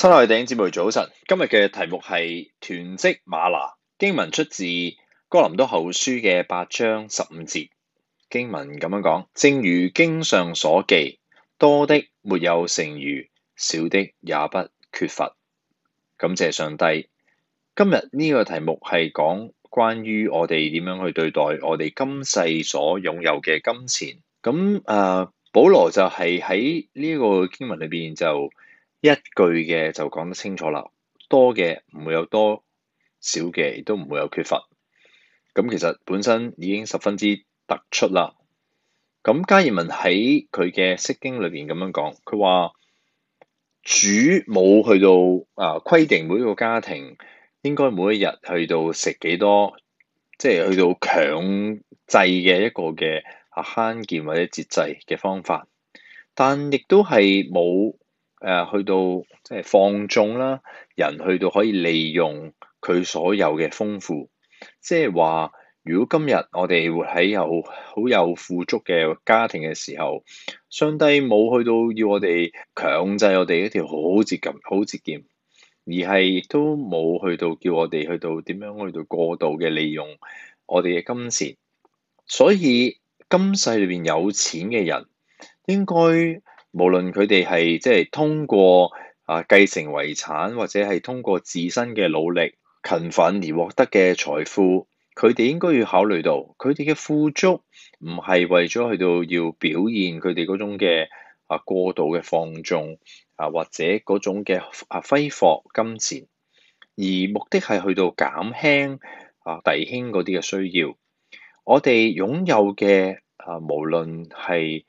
親愛嘅弟兄姊妹早晨，今日嘅題目係囤積嗎哪，經文出自哥林多後書嘅八章十五節經文咁樣講，正如經上所記，多的沒有剩餘，少的也不缺乏。感謝上帝。今日呢個題目係講關於我哋點樣去對待我哋今世所擁有嘅金錢。咁誒、呃，保羅就係喺呢個經文裏邊就。一句嘅就講得清楚啦，多嘅唔會有多，少嘅亦都唔會有缺乏。咁其實本身已經十分之突出啦。咁加爾文喺佢嘅《釋經》裏邊咁樣講，佢話主冇去到啊規定每一個家庭應該每一日去到食幾多，即係去到強制嘅一個嘅啊慳儉或者節制嘅方法，但亦都係冇。誒、呃，去到即係放縱啦，人去到可以利用佢所有嘅豐富，即係話，如果今日我哋活喺有好有富足嘅家庭嘅時候，上帝冇去到要我哋強制我哋一條好節儉、好節儉，而係亦都冇去到叫我哋去到點樣去到過度嘅利用我哋嘅金錢，所以今世裏邊有錢嘅人應該。無論佢哋係即係通過啊繼承遺產，或者係通過自身嘅努力勤奮而獲得嘅財富，佢哋應該要考慮到，佢哋嘅富足唔係為咗去到要表現佢哋嗰種嘅啊過度嘅放縱啊，或者嗰種嘅啊揮霍金錢，而目的係去到減輕啊弟兄嗰啲嘅需要。我哋擁有嘅啊，無論係。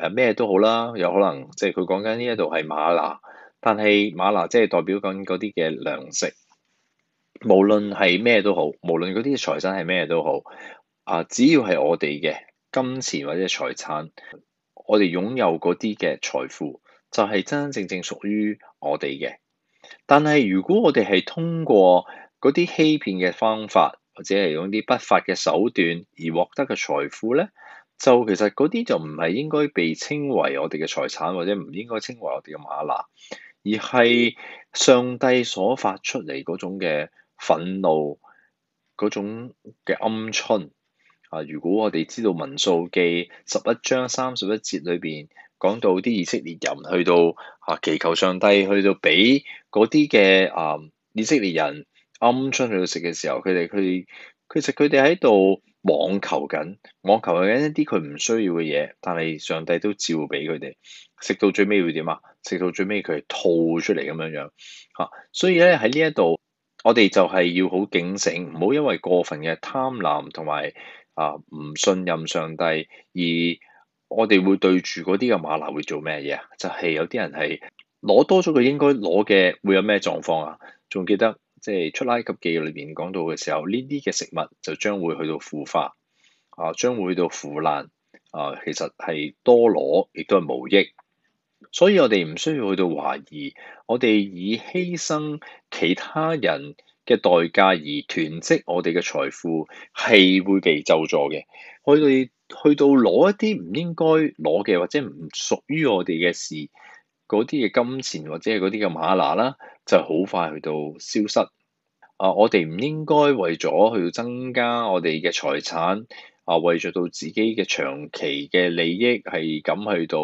誒咩都好啦，有可能即係佢講緊呢一度係嗎哪，但係嗎哪即係代表緊嗰啲嘅糧食。無論係咩都好，無論嗰啲財產係咩都好，啊，只要係我哋嘅金錢或者財產，我哋擁有嗰啲嘅財富，就係真真正正屬於我哋嘅。但係如果我哋係通過嗰啲欺騙嘅方法，或者係用啲不法嘅手段而獲得嘅財富咧？就其實嗰啲就唔係應該被稱為我哋嘅財產，或者唔應該稱為我哋嘅嗎哪，而係上帝所發出嚟嗰種嘅憤怒，嗰種嘅鵪鶉。啊，如果我哋知道民數記十一章三十一節裏邊講到啲以色列人去到啊祈求上帝去到俾嗰啲嘅啊以色列人鵪鶉去到食嘅時候，佢哋佢哋，其實佢哋喺度。網求緊，網求緊一啲佢唔需要嘅嘢，但係上帝都照俾佢哋食到最尾會點啊？食到最尾佢係吐出嚟咁樣樣嚇、啊，所以咧喺呢一度，我哋就係要好警醒，唔好因為過分嘅貪婪同埋啊唔信任上帝，而我哋會對住嗰啲嘅嗎哪會做咩嘢、就是、啊？就係有啲人係攞多咗佢應該攞嘅，會有咩狀況啊？仲記得？即係《出埃及記》裏邊講到嘅時候，呢啲嘅食物就將會去到腐化，啊，將會去到腐爛，啊，其實係多攞亦都係無益，所以我哋唔需要去到懷疑，我哋以犧牲其他人嘅代價而囤積我哋嘅財富係會被救助嘅，我哋去到攞一啲唔應該攞嘅或者唔屬於我哋嘅事。嗰啲嘅金錢或者係嗰啲嘅嗎哪啦，就好快去到消失。啊，我哋唔應該為咗去增加我哋嘅財產，啊，為咗到自己嘅長期嘅利益係咁去到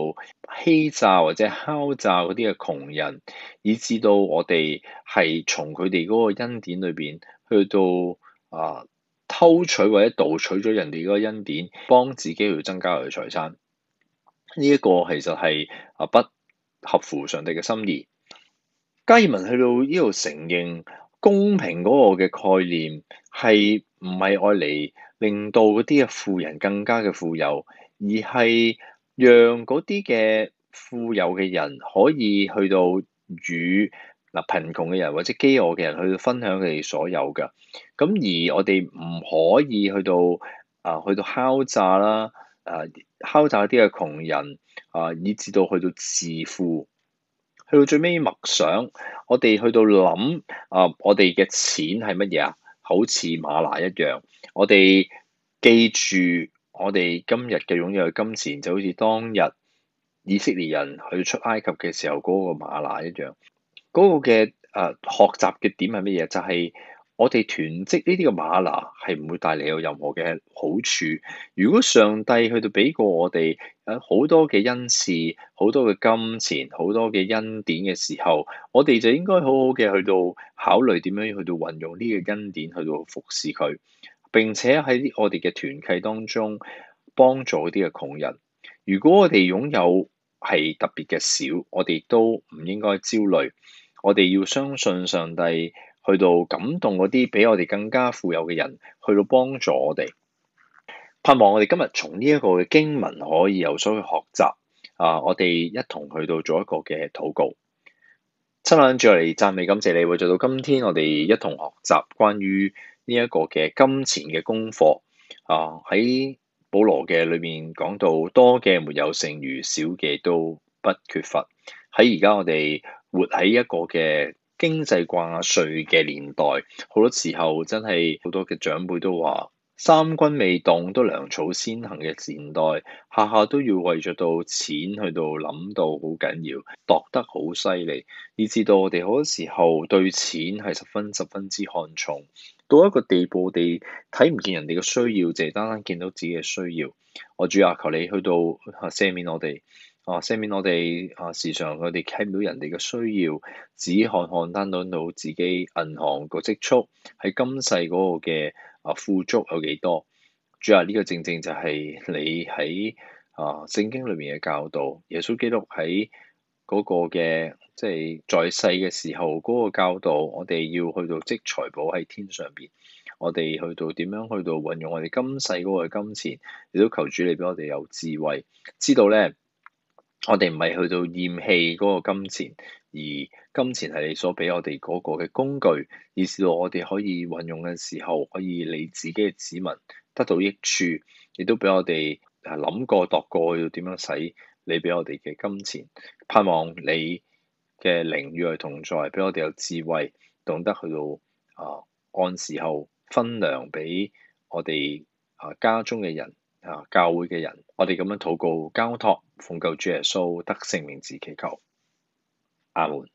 欺詐或者敲詐嗰啲嘅窮人，以至到我哋係從佢哋嗰個恩典裏邊去到啊偷取或者盜取咗人哋嗰個恩典，幫自己去增加佢嘅財產。呢一個其實係啊不。合乎上帝嘅心意。加爾文去到呢度承認公平嗰個嘅概念，係唔係愛嚟令到嗰啲嘅富人更加嘅富有，而係讓嗰啲嘅富有嘅人可以去到與嗱貧窮嘅人或者飢餓嘅人去到分享佢哋所有噶。咁而我哋唔可以去到啊去到敲詐啦。啊！敲詐啲嘅窮人啊，以至到去到致富，去到最尾默想，我哋去到諗啊，我哋嘅錢係乜嘢啊？好似嗎哪一樣，我哋記住我哋今日嘅擁有嘅金錢，就好似當日以色列人去出埃及嘅時候嗰個嗎哪一樣。嗰個嘅啊，學習嘅點係乜嘢？就係。我哋囤積呢啲嘅嗎哪係唔會帶嚟有任何嘅好處。如果上帝去到俾過我哋誒好多嘅恩賜，好多嘅金錢，好多嘅恩典嘅時候，我哋就應該好好嘅去到考慮點樣去到運用呢個恩典去到服侍佢，並且喺我哋嘅團契當中幫助啲嘅窮人。如果我哋擁有係特別嘅少，我哋都唔應該焦慮。我哋要相信上帝。去到感動嗰啲比我哋更加富有嘅人，去到幫助我哋。盼望我哋今日從呢一個嘅經文可以有所學習。啊，我哋一同去到做一個嘅禱告。親眼住嚟讚美感謝你，會做到今天。我哋一同學習關於呢一個嘅金錢嘅功課。啊，喺保羅嘅裏面講到多嘅沒有剩餘，少嘅都不缺乏。喺而家我哋活喺一個嘅。經濟掛帥嘅年代，好多時候真係好多嘅長輩都話，三軍未動，都糧草先行嘅時代，下下都要為著到錢去到諗到好緊要，度得好犀利，以至到我哋好多時候對錢係十分十分之看重，到一個地步我哋睇唔見人哋嘅需要，淨係單單見到自己嘅需要。我主啊，求你去到赦免我哋。啊！相反，我哋啊時常我哋睇唔到人哋嘅需要，只看看單到到自己銀行個積蓄喺今世嗰個嘅啊富足有幾多？主要呢個正正就係你喺啊聖經裏面嘅教導，耶穌基督喺嗰個嘅即係在世嘅時候嗰個教導，我哋要去到積財寶喺天上邊，我哋去到點樣去到運用我哋今世嗰個金錢，亦都求主你俾我哋有智慧，知道咧。我哋唔係去到厭棄嗰個金錢，而金錢係你所俾我哋嗰個嘅工具，而至到我哋可以運用嘅時候，可以你自己嘅子民得到益處，亦都俾我哋啊諗過度過要點樣使你俾我哋嘅金錢，盼望你嘅靈與同在，俾我哋有智慧，懂得去到啊按時候分糧俾我哋啊家中嘅人。啊！教會嘅人，我哋咁樣禱告，交託奉救主耶穌得聖名字祈求，阿門。